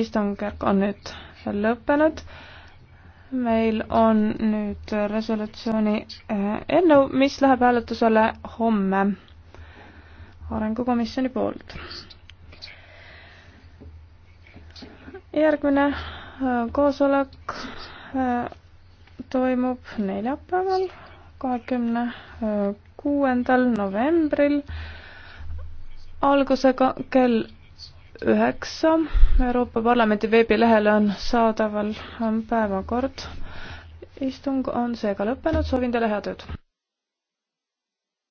istungjärk on nüüd lõppenud. meil on nüüd resolutsiooni eh, eelnõu, mis läheb hääletusele homme arengukomisjoni poolt. järgmine eh, koosolek eh, toimub neljapäeval, kahekümne kuuendal novembril algusega kell üheksa Euroopa Parlamendi veebilehel on saadaval on päevakord. istung on seega lõppenud, soovin teile head ööd!